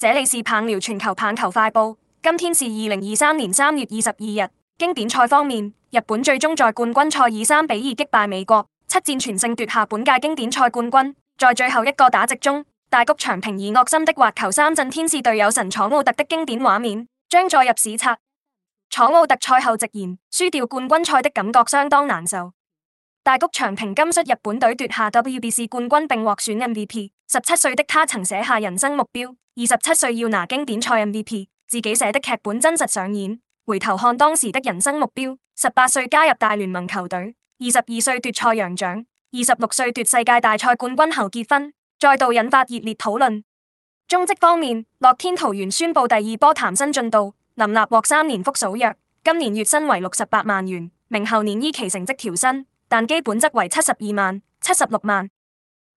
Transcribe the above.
這裡是棒聊全球棒球快報，今天是二零二三年三月二十二日。經典賽方面，日本最終在冠軍賽以三比二擊敗美國，七戰全勝奪下本屆經典賽冠軍。在最後一個打席中，大谷翔平以惡心的滑球三振天使隊友神楚奧特的經典畫面，將載入史冊。楚奧特賽後直言，輸掉冠軍賽的感覺相當難受。大谷翔平今率日本隊奪下 WBC 冠軍，並獲選 MVP。十七歲的他曾寫下人生目標，二十七歲要拿經典賽 MVP，自己寫的劇本真實上演。回頭看當時的人生目標，十八歲加入大聯盟球隊，二十二歲奪賽揚獎，二十六歲奪世界大賽冠軍後結婚，再度引發熱烈討論。中職方面，樂天桃園宣布第二波談薪進度，林立獲三年複數約，今年月薪為六十八萬元，明後年依其成績調薪，但基本則為七十二萬、七十六萬。